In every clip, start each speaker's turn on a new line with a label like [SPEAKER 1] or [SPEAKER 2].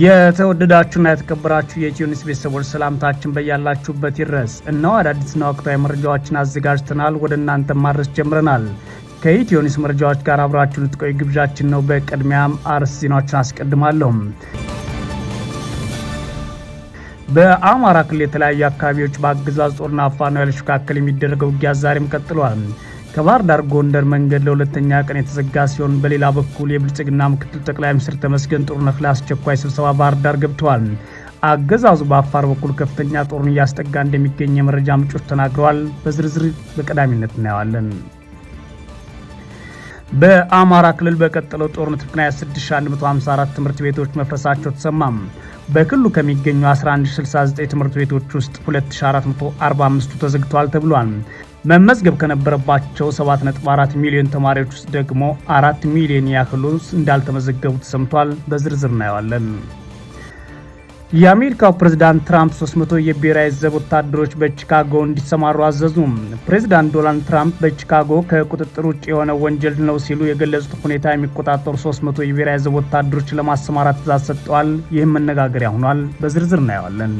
[SPEAKER 1] የተወደዳችሁና የተከበራችሁ የኢትዮኒስ ቤተሰቦች ሰላምታችን በያላችሁበት ይድረስ። እነሆ አዳዲስና ወቅታዊ መረጃዎችን አዘጋጅተናል ወደ እናንተ ማድረስ ጀምረናል። ከኢትዮኒስ መረጃዎች ጋር አብራችሁ ልትቆዩ ግብዣችን ነው። በቅድሚያም አርስ ዜናዎችን አስቀድማለሁ። በአማራ ክልል የተለያዩ አካባቢዎች በአገዛዝ ጦርና ፋኖ ኃይሎች መካከል የሚደረገው ውጊያ ዛሬም ቀጥሏል። ከባህር ዳር ጎንደር መንገድ ለሁለተኛ ቀን የተዘጋ ሲሆን በሌላ በኩል የብልጽግና ምክትል ጠቅላይ ሚኒስትር ተመስገን ጥሩነህ ለአስቸኳይ ስብሰባ ባህር ዳር ገብተዋል። አገዛዙ በአፋር በኩል ከፍተኛ ጦርን እያስጠጋ እንደሚገኝ የመረጃ ምንጮች ተናግረዋል። በዝርዝር በቀዳሚነት እናየዋለን። በአማራ ክልል በቀጠለው ጦርነት ምክንያት 6154 ትምህርት ቤቶች መፍረሳቸው ተሰማም። በክልሉ ከሚገኙ 1169 ትምህርት ቤቶች ውስጥ 2445ቱ ተዘግተዋል ተብሏል። መመዝገብ ከነበረባቸው 7.4 ሚሊዮን ተማሪዎች ውስጥ ደግሞ አራት ሚሊዮን ያህሉ እንዳልተመዘገቡ ተሰምቷል። በዝርዝር እናየዋለን። የአሜሪካው ፕሬዝዳንት ትራምፕ 300 የብሔራዊ ዘብ ወታደሮች በቺካጎ እንዲሰማሩ አዘዙ። ፕሬዝዳንት ዶናልድ ትራምፕ በቺካጎ ከቁጥጥር ውጭ የሆነ ወንጀል ነው ሲሉ የገለጹት ሁኔታ የሚቆጣጠሩ 300 የብሔራዊ ዘብ ወታደሮች ለማሰማራት ትእዛዝ ሰጥተዋል። ይህም መነጋገሪያ ሆኗል። በዝርዝር እናየዋለን።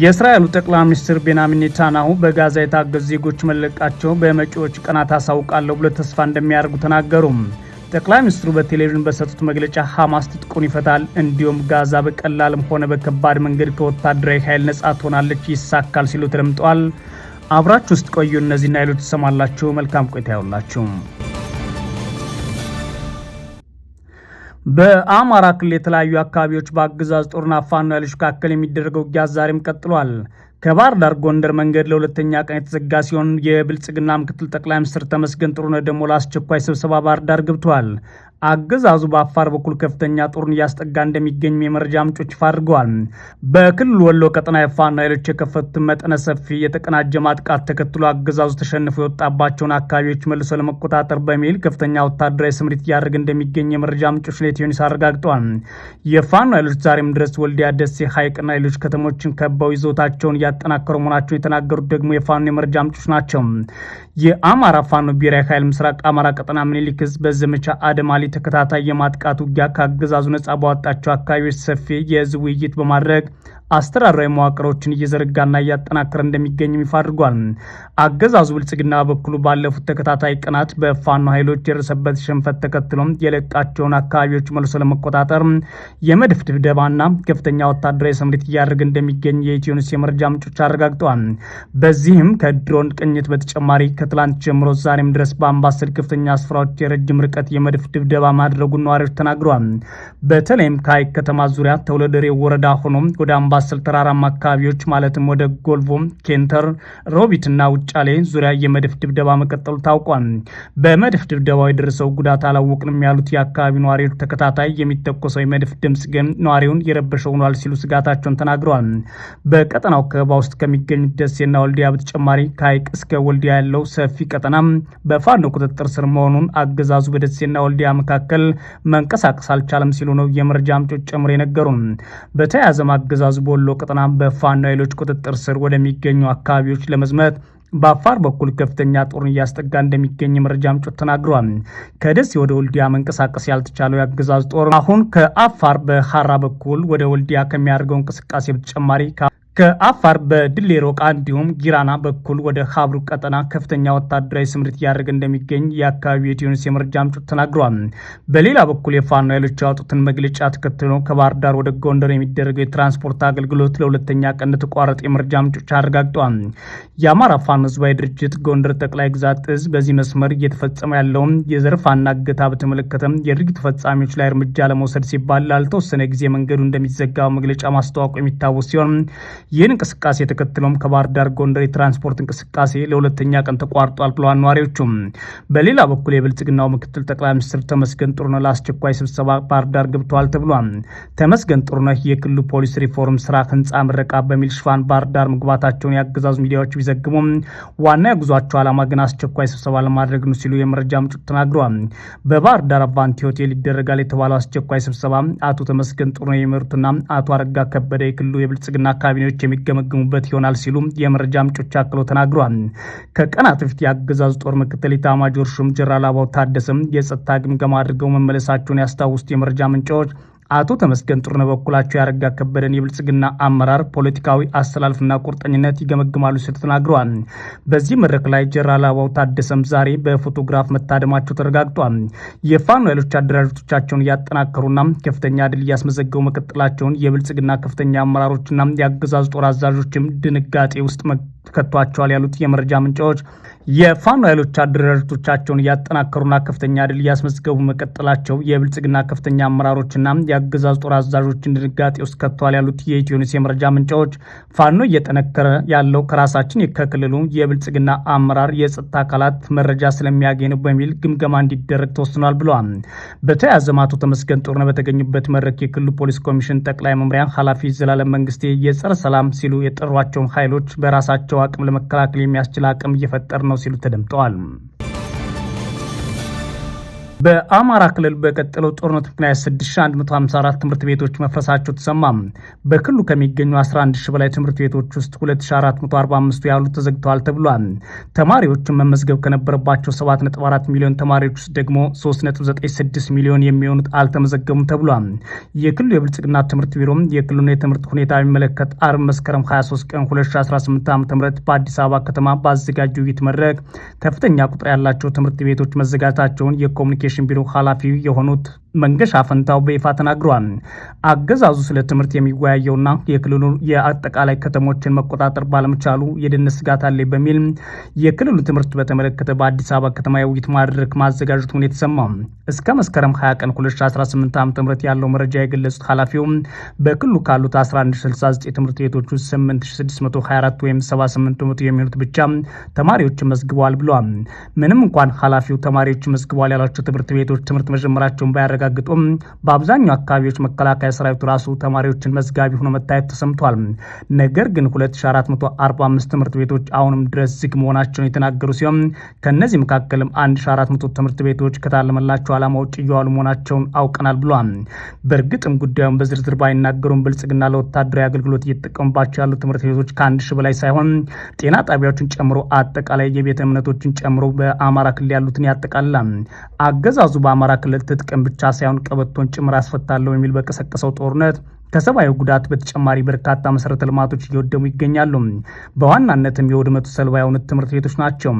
[SPEAKER 1] የእስራኤሉ ጠቅላይ ሚኒስትር ቤንያሚን ኔታንያሁ በጋዛ የታገዙ ዜጎች መለቃቸው በመጪዎች ቀናት አሳውቃለሁ ብሎ ተስፋ እንደሚያደርጉ ተናገሩ። ጠቅላይ ሚኒስትሩ በቴሌቪዥን በሰጡት መግለጫ ሐማስ ትጥቁን ይፈታል፣ እንዲሁም ጋዛ በቀላልም ሆነ በከባድ መንገድ ከወታደራዊ ኃይል ነጻ ትሆናለች፣ ይሳካል ሲሉ ተደምጠዋል። አብራችሁ ውስጥ ቆዩ። እነዚህና ሌሎች ትሰማላችሁ። መልካም ቆይታ ያውላችሁ። በአማራ ክልል የተለያዩ አካባቢዎች በአገዛዝ ጦርና ፋኖ ኃይሎች መካከል የሚደረገው ውጊያ ዛሬም ቀጥሏል። ከባህር ዳር ጎንደር መንገድ ለሁለተኛ ቀን የተዘጋ ሲሆን የብልጽግና ምክትል ጠቅላይ ሚኒስትር ተመስገን ጥሩነህ ደግሞ ለአስቸኳይ ስብሰባ ባህር ዳር ገብተዋል። አገዛዙ በአፋር በኩል ከፍተኛ ጦርን እያስጠጋ እንደሚገኝ የመረጃ ምንጮች ይፋ አድርገዋል። በክልል ወሎ ቀጠና የፋኖ ኃይሎች የከፈቱትን መጠነ ሰፊ የተቀናጀ ማጥቃት ተከትሎ አገዛዙ ተሸንፎ የወጣባቸውን አካባቢዎች መልሶ ለመቆጣጠር በሚል ከፍተኛ ወታደራዊ ስምሪት እያደረገ እንደሚገኝ የመረጃ ምንጮች ለኢትዮኒስ አረጋግጠዋል። የፋኖ ኃይሎች ዛሬም ድረስ ወልዲያ፣ ደሴ፣ ሐይቅና ሌሎች ከተሞችን ከበው ይዞታቸውን እያጠናከሩ መሆናቸውን የተናገሩት ደግሞ የፋኖ የመረጃ ምንጮች ናቸው። የአማራ ፋኖ ብሔራዊ ኃይል ምስራቅ አማራ ቀጠና ምኒልክ ህዝብ በዘመቻ አደማሊ ተከታታይ የማጥቃት ውጊያ ከአገዛዙ ነጻ ባወጣቸው አካባቢዎች ሰፊ የህዝብ ውይይት በማድረግ አስተዳደራዊ መዋቅሮችን እየዘረጋና እያጠናከረ እንደሚገኝም ይፋ አድርጓል። አገዛዙ ብልጽግና በበኩሉ ባለፉት ተከታታይ ቀናት በፋኖ ኃይሎች የደረሰበት ሽንፈት ተከትሎም የለቃቸውን አካባቢዎች መልሶ ለመቆጣጠር የመድፍ ድብደባና ከፍተኛ ወታደራዊ ስምሪት እያደረገ እንደሚገኝ የኢትዮንስ የመረጃ ምንጮች አረጋግጠዋል። በዚህም ከድሮን ቅኝት በተጨማሪ ከትላንት ጀምሮ ዛሬም ድረስ በአምባሰል ከፍተኛ ስፍራዎች የረጅም ርቀት የመድፍ ድብደባ ማድረጉን ነዋሪዎች ተናግረዋል። በተለይም ከሀይቅ ከተማ ዙሪያ ተውለደሬ ወረዳ ሆኖ ወደ አምባ በአምባሰል ተራራማ አካባቢዎች ማለትም ወደ ጎልቮ፣ ኬንተር፣ ሮቢትና ውጫሌ ዙሪያ የመድፍ ድብደባ መቀጠሉ ታውቋል። በመድፍ ድብደባው የደረሰው ጉዳት አላወቅንም ያሉት የአካባቢው ነዋሪዎች ተከታታይ የሚተኮሰው የመድፍ ድምፅ ግን ነዋሪውን የረበሸው ሆኗል ሲሉ ስጋታቸውን ተናግረዋል። በቀጠናው ከበባ ውስጥ ከሚገኙት ደሴና ወልዲያ በተጨማሪ ከሀይቅ እስከ ወልዲያ ያለው ሰፊ ቀጠና በፋኖ ቁጥጥር ስር መሆኑን አገዛዙ በደሴና ወልዲያ መካከል መንቀሳቀስ አልቻለም ሲሉ ነው የመረጃ ምንጮች ጨምሮ የነገሩን። በተያያዘም አገዛዙ በወሎ ቅጥናም በፋኖ ኃይሎች ቁጥጥር ስር ወደሚገኙ አካባቢዎች ለመዝመት በአፋር በኩል ከፍተኛ ጦርን እያስጠጋ እንደሚገኝ መረጃ ምንጮች ተናግረዋል። ከደሴ ወደ ወልዲያ መንቀሳቀስ ያልተቻለው የአገዛዝ ጦር አሁን ከአፋር በሐራ በኩል ወደ ወልዲያ ከሚያደርገው እንቅስቃሴ በተጨማሪ ከአፋር በድሌ ሮቃ እንዲሁም ጊራና በኩል ወደ ሀብሩ ቀጠና ከፍተኛ ወታደራዊ ስምሪት እያደረገ እንደሚገኝ የአካባቢው የትዩኒስ የመረጃ ምንጮች ተናግረዋል። በሌላ በኩል የፋኖ ኃይሎች ያወጡትን መግለጫ ተከትሎ ከባህር ዳር ወደ ጎንደር የሚደረገው የትራንስፖርት አገልግሎት ለሁለተኛ ቀን እንደተቋረጠ የመረጃ ምንጮች አረጋግጠዋል። የአማራ ፋኖ ህዝባዊ ድርጅት ጎንደር ጠቅላይ ግዛት እዝ በዚህ መስመር እየተፈጸመ ያለውን የዘርፋና እገታ በተመለከተም የድርጊት ፈጻሚዎች ላይ እርምጃ ለመውሰድ ሲባል ላልተወሰነ ጊዜ መንገዱ እንደሚዘጋ መግለጫ ማስተዋወቁ የሚታወስ ሲሆን ይህን እንቅስቃሴ ተከትሎም ከባህር ዳር ጎንደር የትራንስፖርት እንቅስቃሴ ለሁለተኛ ቀን ተቋርጧል ብለዋል ነዋሪዎቹም። በሌላ በኩል የብልጽግናው ምክትል ጠቅላይ ሚኒስትር ተመስገን ጥሩነህ ለአስቸኳይ ስብሰባ ባህር ዳር ገብተዋል ተብሏል። ተመስገን ጥሩነህ የክልሉ ፖሊስ ሪፎርም ስራ ህንፃ ምረቃ በሚል ሽፋን ባህር ዳር መግባታቸውን የአገዛዙ ሚዲያዎች ቢዘግቡም ዋና የጉዟቸው ዓላማ ግን አስቸኳይ ስብሰባ ለማድረግ ነው ሲሉ የመረጃ ምንጮች ተናግረዋል። በባህር ዳር አቫንቲ ሆቴል ይደረጋል የተባለው አስቸኳይ ስብሰባ አቶ ተመስገን ጥሩነህ የሚመሩትና አቶ አረጋ ከበደ የክልሉ የብልጽግና ካቢኔዎች ጉዳዮች የሚገመገሙበት ይሆናል ሲሉ የመረጃ ምንጮች አክሎ ተናግሯል ከቀናት በፊት የአገዛዙ ጦር ምክትል ኢታማጆር ሹም ጀነራል አበባው ታደሰም የጸጥታ ግምገማ አድርገው መመለሳቸውን ያስታውሱት የመረጃ ምንጮች አቶ ተመስገን ጥሩነህ በኩላቸው ያረጋ ከበደን የብልጽግና አመራር ፖለቲካዊ አስተላልፍና ቁርጠኝነት ይገመግማሉ ሲል ተናግረዋል። በዚህ መድረክ ላይ ጀነራል አበባው ታደሰም ዛሬ በፎቶግራፍ መታደማቸው ተረጋግጧል። የፋኖ ኃይሎች አደራጆቻቸውን እያጠናከሩና ከፍተኛ ድል እያስመዘገቡ መቀጠላቸውን የብልጽግና ከፍተኛ አመራሮችና የአገዛዙ ጦር አዛዦችም ድንጋጤ ውስጥ ከቷቸዋል ያሉት የመረጃ ምንጫዎች የፋኖ ኃይሎች አደረጃጀቶቻቸውን እያጠናከሩና ከፍተኛ ድል እያስመዝገቡ መቀጠላቸው የብልጽግና ከፍተኛ አመራሮችና የአገዛዝ ጦር አዛዦችን ድንጋጤ ውስጥ ከጥተዋል ያሉት የኢትዮኒስ የመረጃ ምንጫዎች ፋኖ እየጠነከረ ያለው ከራሳችን ከክልሉ የብልጽግና አመራር የጸጥታ አካላት መረጃ ስለሚያገኝ ነው በሚል ግምገማ እንዲደረግ ተወስኗል ብለዋል። በተያያዘም አቶ ተመስገን ጥሩነህ በተገኙበት መድረክ የክልሉ ፖሊስ ኮሚሽን ጠቅላይ መምሪያ ኃላፊ ዘላለም መንግስቴ የጸረ ሰላም ሲሉ የጠሯቸውን ኃይሎች በራሳቸው አቅም ለመከላከል የሚያስችል አቅም እየፈጠር ነው ሲሉ ተደምጠዋል። በአማራ ክልል በቀጠለው ጦርነት ምክንያት 6154 ትምህርት ቤቶች መፍረሳቸው ተሰማ። በክልሉ ከሚገኙ 11 ሺህ በላይ ትምህርት ቤቶች ውስጥ 2445ቱ ያሉት ተዘግተዋል ተብሏል። ተማሪዎችን መመዝገብ ከነበረባቸው 7.4 ሚሊዮን ተማሪዎች ውስጥ ደግሞ 3.96 ሚሊዮን የሚሆኑት አልተመዘገቡም ተብሏል። የክልሉ የብልጽግና ትምህርት ቢሮም የክልሉን የትምህርት ሁኔታ የሚመለከት አርብ መስከረም 23 ቀን 2018 ዓ ም በአዲስ አበባ ከተማ ባዘጋጀው ውይይት መድረክ ከፍተኛ ቁጥር ያላቸው ትምህርት ቤቶች መዘጋታቸውን የኮሚኒኬ ኮሚኒኬሽን ቢሮ ኃላፊ የሆኑት መንገሻ ፈንታው በይፋ ተናግሯል አገዛዙ ስለ ትምህርት የሚወያየውና የክልሉ የአጠቃላይ ከተሞችን መቆጣጠር ባለመቻሉ የደህንነት ስጋት አለ በሚል የክልሉ ትምህርት በተመለከተ በአዲስ አበባ ከተማ የውይይት ማድረግ ማዘጋጀቱን የተሰማው እስከ መስከረም 20 ቀን 2018 ዓ ም ያለው መረጃ የገለጹት ኃላፊው በክልሉ ካሉት 1169 ትምህርት ቤቶች ውስጥ 8624 ወይም 78 በመቶ የሚሆኑት ብቻ ተማሪዎችን መዝግበዋል ብለል። ምንም እንኳን ኃላፊው ተማሪዎችን መዝግበዋል ያሏቸው ትምህርት ቤቶች ትምህርት መጀመራቸውን ባያረ ቢያረጋግጡም በአብዛኛው አካባቢዎች መከላከያ ሰራዊቱ ራሱ ተማሪዎችን መዝጋቢ ሆኖ መታየት ተሰምቷል። ነገር ግን 2445 ትምህርት ቤቶች አሁንም ድረስ ዝግ መሆናቸውን የተናገሩ ሲሆን ከእነዚህ መካከልም 1400 ትምህርት ቤቶች ከታለመላቸው ዓላማ ውጭ እየዋሉ መሆናቸውን አውቀናል ብሏል። በእርግጥም ጉዳዩን በዝርዝር ባይናገሩም ብልጽግና ለወታደራዊ አገልግሎት እየተጠቀሙባቸው ያሉ ትምህርት ቤቶች ከአንድ ሺህ በላይ ሳይሆን ጤና ጣቢያዎችን ጨምሮ አጠቃላይ የቤተ እምነቶችን ጨምሮ በአማራ ክልል ያሉትን ያጠቃልላል። አገዛዙ በአማራ ክልል ትጥቅም ብቻ ሳይሆን ቀበቶን ጭምር አስፈታለሁ የሚል በቀሰቀሰው ጦርነት ከሰብአዊ ጉዳት በተጨማሪ በርካታ መሰረተ ልማቶች እየወደሙ ይገኛሉ። በዋናነትም የውድመቱ ሰለባ የሆኑት ትምህርት ቤቶች ናቸው።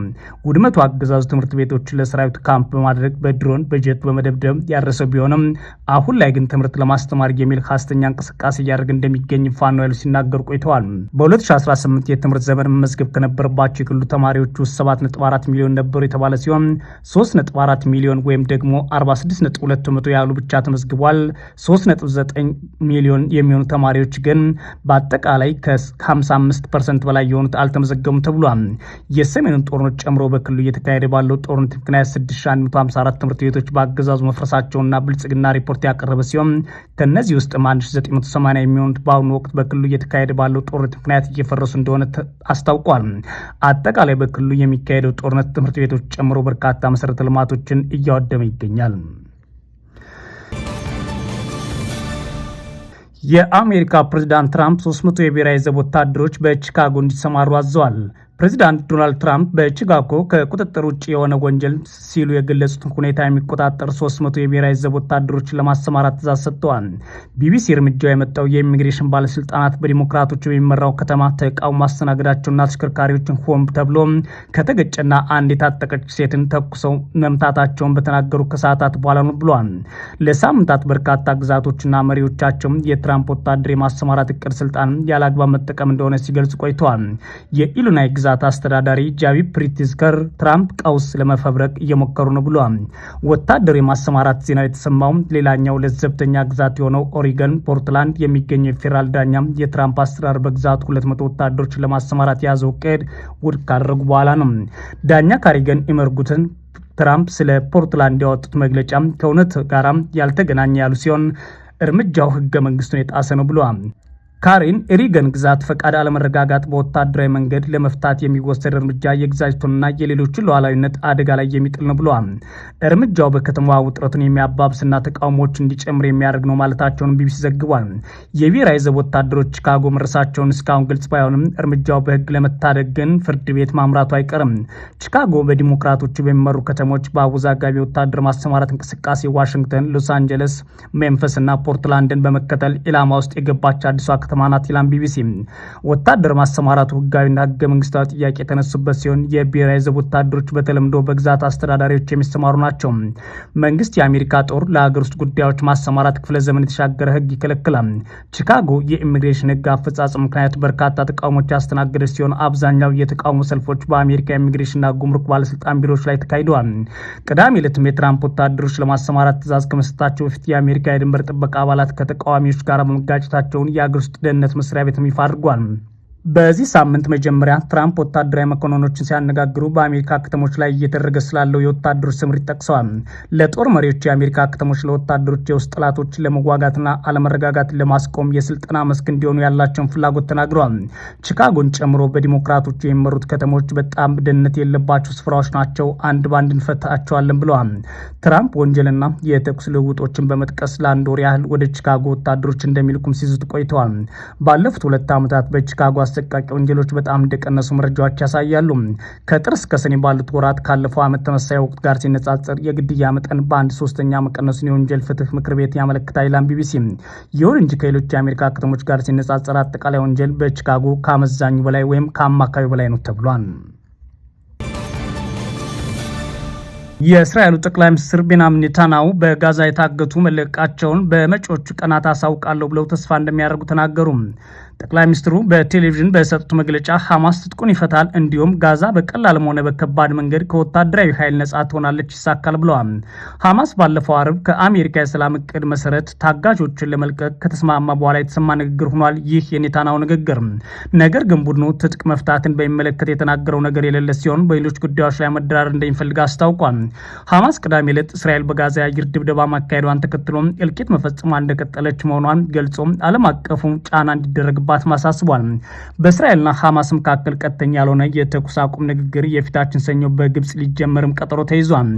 [SPEAKER 1] ውድመቱ አገዛዙ ትምህርት ቤቶች ለሰራዊቱ ካምፕ በማድረግ በድሮን በጀት በመደብደብ ያደረሰው ቢሆንም አሁን ላይ ግን ትምህርት ለማስተማር የሚል ሀሰተኛ እንቅስቃሴ እያደረገ እንደሚገኝ ፋኖ ያሉ ሲናገሩ ቆይተዋል። በ2018 የትምህርት ዘመን መመዝገብ ከነበረባቸው የክልሉ ተማሪዎች ውስጥ 7.4 ሚሊዮን ነበሩ የተባለ ሲሆን 3.4 ሚሊዮን ወይም ደግሞ 46.2 ያሉ ብቻ ተመዝግቧል። 3.9 ሚሊዮን ሚሊዮን የሚሆኑ ተማሪዎች ግን በአጠቃላይ ከ55 ፐርሰንት በላይ የሆኑት አልተመዘገቡም ተብሏል። የሰሜኑን ጦርነት ጨምሮ በክልሉ እየተካሄደ ባለው ጦርነት ምክንያት 6154 ትምህርት ቤቶች በአገዛዙ መፍረሳቸውና ብልጽግና ሪፖርት ያቀረበ ሲሆን ከእነዚህ ውስጥ 1980 የሚሆኑት በአሁኑ ወቅት በክልሉ እየተካሄደ ባለው ጦርነት ምክንያት እየፈረሱ እንደሆነ አስታውቋል። አጠቃላይ በክልሉ የሚካሄደው ጦርነት ትምህርት ቤቶች ጨምሮ በርካታ መሰረተ ልማቶችን እያወደመ ይገኛል። የአሜሪካ ፕሬዚዳንት ትራምፕ 300 የብሔራዊ ዘብ ወታደሮች በቺካጎ እንዲሰማሩ አዘዋል። ፕሬዚዳንት ዶናልድ ትራምፕ በቺካጎ ከቁጥጥር ውጭ የሆነ ወንጀል ሲሉ የገለጹትን ሁኔታ የሚቆጣጠር 300 የብሔራዊ ዘብ ወታደሮችን ለማሰማራት ትእዛዝ ሰጥተዋል። ቢቢሲ እርምጃው የመጣው የኢሚግሬሽን ባለስልጣናት በዲሞክራቶች የሚመራው ከተማ ተቃውሞ ማስተናገዳቸውና ተሽከርካሪዎችን ሆን ተብሎ ከተገጨና አንድ የታጠቀች ሴትን ተኩሰው መምታታቸውን በተናገሩ ከሰዓታት በኋላ ነው ብሏል። ለሳምንታት በርካታ ግዛቶችና መሪዎቻቸው የትራምፕ ወታደር የማሰማራት እቅድ ስልጣን ያለአግባብ መጠቀም እንደሆነ ሲገልጽ ቆይተዋል። የኢሉናይ ግዛ ግዛት አስተዳዳሪ ጃቢ ፕሪቲዝከር ትራምፕ ቀውስ ለመፈብረቅ እየሞከሩ ነው ብሏል። ወታደር የማሰማራት ዜና የተሰማው ሌላኛው ለዘብተኛ ግዛት የሆነው ኦሪገን ፖርትላንድ የሚገኘው የፌዴራል ዳኛ የትራምፕ አስተዳደር በግዛቱ 200 ወታደሮች ለማሰማራት የያዘው እቅድ ውድቅ ካደረጉ በኋላ ነው። ዳኛ ካሪገን ኢመርጉትን ትራምፕ ስለ ፖርትላንድ ያወጡት መግለጫ ከእውነት ጋራም ያልተገናኘ ያሉ ሲሆን እርምጃው ህገ መንግስቱን የጣሰ ነው ብለዋል። ካሪን ሪገን ግዛት ፈቃድ አለመረጋጋት በወታደራዊ መንገድ ለመፍታት የሚወሰድ እርምጃ የግዛጅቱንና የሌሎችን ሉዓላዊነት አደጋ ላይ የሚጥል ነው ብለዋል። እርምጃው በከተማዋ ውጥረቱን የሚያባብስና ተቃውሞዎች እንዲጨምር የሚያደርግ ነው ማለታቸውን ቢቢሲ ዘግቧል። የብሔራዊ ዘብ ወታደሮች ቺካጎ መድረሳቸውን እስካሁን ግልጽ ባይሆንም እርምጃው በህግ ለመታደግ ግን ፍርድ ቤት ማምራቱ አይቀርም። ቺካጎ በዲሞክራቶቹ በሚመሩ ከተሞች በአወዛጋቢ ወታደር ማሰማራት እንቅስቃሴ ዋሽንግተን፣ ሎስ አንጀለስ፣ ሜምፈስ እና ፖርትላንድን በመከተል ኢላማ ውስጥ የገባች አዲሷ ከተማ ናት ቢቢሲ። ወታደር ማሰማራቱ ህጋዊና ህገ መንግስታዊ ጥያቄ የተነሱበት ሲሆን የብሔራዊ ዘብ ወታደሮች በተለምዶ በግዛት አስተዳዳሪዎች የሚሰማሩ ናቸው። መንግስት የአሜሪካ ጦር ለሀገር ውስጥ ጉዳዮች ማሰማራት ክፍለ ዘመን የተሻገረ ህግ ይከለክላል። ቺካጎ የኢሚግሬሽን ህግ አፈጻጸም ምክንያት በርካታ ተቃውሞች ያስተናገደች ሲሆን አብዛኛው የተቃውሞ ሰልፎች በአሜሪካ ኢሚግሬሽንና ጉምሩክ ባለስልጣን ቢሮዎች ላይ ተካሂደዋል። ቅዳሜ ዕለትም የትራምፕ ወታደሮች ለማሰማራት ትእዛዝ ከመስጠታቸው በፊት የአሜሪካ የድንበር ጥበቃ አባላት ከተቃዋሚዎች ጋር በመጋጨታቸውን የአገር ውስጥ ደህንነት መስሪያ ቤትም ይፋ አድርጓል። በዚህ ሳምንት መጀመሪያ ትራምፕ ወታደራዊ መኮንኖችን ሲያነጋግሩ በአሜሪካ ከተሞች ላይ እየተደረገ ስላለው የወታደሮች ስምሪት ጠቅሰዋል። ለጦር መሪዎች የአሜሪካ ከተሞች ለወታደሮች የውስጥ ጥላቶች ለመዋጋትና አለመረጋጋት ለማስቆም የስልጠና መስክ እንዲሆኑ ያላቸውን ፍላጎት ተናግረዋል። ቺካጎን ጨምሮ በዲሞክራቶች የሚመሩት ከተሞች በጣም ደህንነት የለባቸው ስፍራዎች ናቸው፣ አንድ በአንድ እንፈታቸዋለን ብለዋል። ትራምፕ ወንጀልና የተኩስ ልውጦችን በመጥቀስ ለአንድ ወር ያህል ወደ ቺካጎ ወታደሮች እንደሚልኩም ሲዙት ቆይተዋል። ባለፉት ሁለት ዓመታት በቺካጎ አሰቃቂ ወንጀሎች በጣም እንደቀነሱ መረጃዎች ያሳያሉ። ከጥር እስከ ሰኔ ባሉት ወራት ካለፈው ዓመት ተመሳሳይ ወቅት ጋር ሲነጻጸር የግድያ መጠን በአንድ ሶስተኛ መቀነሱን የወንጀል ፍትህ ምክር ቤት ያመለክታል ይላል ቢቢሲ። ይሁን እንጂ ከሌሎች የአሜሪካ ከተሞች ጋር ሲነጻጸር አጠቃላይ ወንጀል በቺካጎ ከአመዛኙ በላይ ወይም ከአማካዩ በላይ ነው ተብሏል። የእስራኤሉ ጠቅላይ ሚኒስትር ቤንያሚን ኔታንያሁ በጋዛ የታገቱ መለቀቃቸውን በመጪዎቹ ቀናት አሳውቃለሁ ብለው ተስፋ እንደሚያደርጉ ተናገሩ። ጠቅላይ ሚኒስትሩ በቴሌቪዥን በሰጡት መግለጫ ሐማስ ትጥቁን ይፈታል፣ እንዲሁም ጋዛ በቀላልም ሆነ በከባድ መንገድ ከወታደራዊ ኃይል ነጻ ትሆናለች፣ ይሳካል ብለዋል። ሐማስ ባለፈው አርብ ከአሜሪካ የሰላም እቅድ መሰረት ታጋቾችን ለመልቀቅ ከተስማማ በኋላ የተሰማ ንግግር ሆኗል። ይህ የኔታናው ንግግር ነገር ግን ቡድኑ ትጥቅ መፍታትን በሚመለከት የተናገረው ነገር የሌለ ሲሆን በሌሎች ጉዳዮች ላይ መደራደር እንደሚፈልግ አስታውቋል። ሐማስ ቅዳሜ ዕለት እስራኤል በጋዛ የአየር ድብደባ ማካሄዷን ተከትሎ እልቂት መፈጸሟ እንደቀጠለች መሆኗን ገልጾ ዓለም አቀፉ ጫና እንዲደረግባት ማሳስቧል። በእስራኤልና ሐማስ መካከል ቀጥተኛ ያልሆነ የተኩስ አቁም ንግግር የፊታችን ሰኞ በግብፅ ሊጀመርም ቀጠሮ ተይዟል።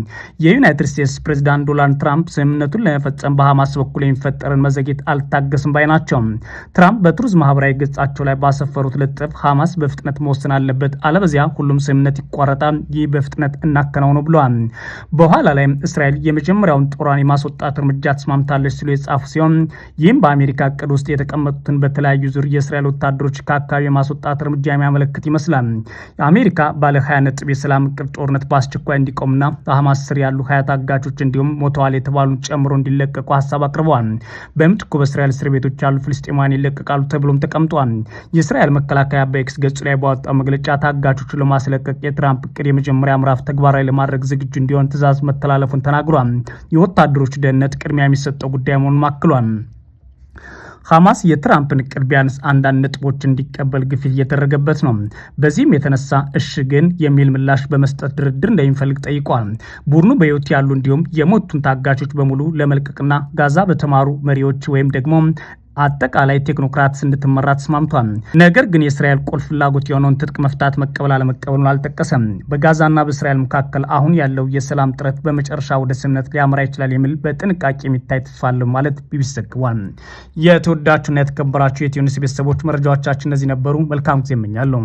[SPEAKER 1] የዩናይትድ ስቴትስ ፕሬዚዳንት ዶናልድ ትራምፕ ስምምነቱን ለመፈጸም በሐማስ በኩል የሚፈጠርን መዘግየት አልታገስም ባይ ናቸው። ትራምፕ በትሩዝ ማህበራዊ ገጻቸው ላይ ባሰፈሩት ልጥፍ ሐማስ በፍጥነት መወሰን አለበት፣ አለበዚያ ሁሉም ስምምነት ይቋረጣል፣ ይህ በፍጥነት እናከናውነው ብለዋል። በኋላ ላይ እስራኤል የመጀመሪያውን ጦሯን የማስወጣት እርምጃ ተስማምታለች ሲሉ የጻፉ ሲሆን ይህም በአሜሪካ እቅድ ውስጥ የተቀመጡትን በተለያዩ ዙር የእስራኤል ወታደሮች ከአካባቢ የማስወጣት እርምጃ የሚያመለክት ይመስላል። አሜሪካ ባለ 20 ነጥብ የሰላም እቅድ ጦርነት በአስቸኳይ እንዲቆምና በሐማስ ስር ያሉ ሀያ ታጋቾች እንዲሁም ሞተዋል የተባሉን ጨምሮ እንዲለቀቁ ሀሳብ አቅርበዋል። በምትኩ በእስራኤል እስር ቤቶች ያሉ ፍልስጤማውያን ይለቀቃሉ ተብሎም ተቀምጧል። የእስራኤል መከላከያ በኤክስ ገጹ ላይ ባወጣው መግለጫ ታጋቾቹን ለማስለቀቅ የትራምፕ እቅድ የመጀመሪያ ምዕራፍ ተግባራዊ ለማድረግ ዝግጁ እንዲሆን ትዛዝ መተላለፉን ተናግሯል። የወታደሮቹ ደህንነት ቅድሚያ የሚሰጠው ጉዳይ መሆኑን አክሏል። ሐማስ የትራምፕን እቅድ ቢያንስ አንዳንድ ነጥቦች እንዲቀበል ግፊት እየተደረገበት ነው። በዚህም የተነሳ እሽ ግን የሚል ምላሽ በመስጠት ድርድር እንደሚፈልግ ጠይቋል። ቡድኑ በሕይወት ያሉ እንዲሁም የሞቱን ታጋቾች በሙሉ ለመልቀቅና ጋዛ በተማሩ መሪዎች ወይም ደግሞ አጠቃላይ ቴክኖክራት እንድትመራ ተስማምቷል። ነገር ግን የእስራኤል ቁልፍ ፍላጎት የሆነውን ትጥቅ መፍታት መቀበል አለመቀበሉን አልጠቀሰም። በጋዛና በእስራኤል መካከል አሁን ያለው የሰላም ጥረት በመጨረሻ ወደ ስምነት ሊያመራ ይችላል የሚል በጥንቃቄ የሚታይ ተስፋ አለው ማለት ቢቢሲ ዘግቧል። የተወዳችሁና የተከበራችሁ የትዩኒስ ቤተሰቦች መረጃዎቻችን እነዚህ ነበሩ። መልካም ጊዜ እመኛለሁ።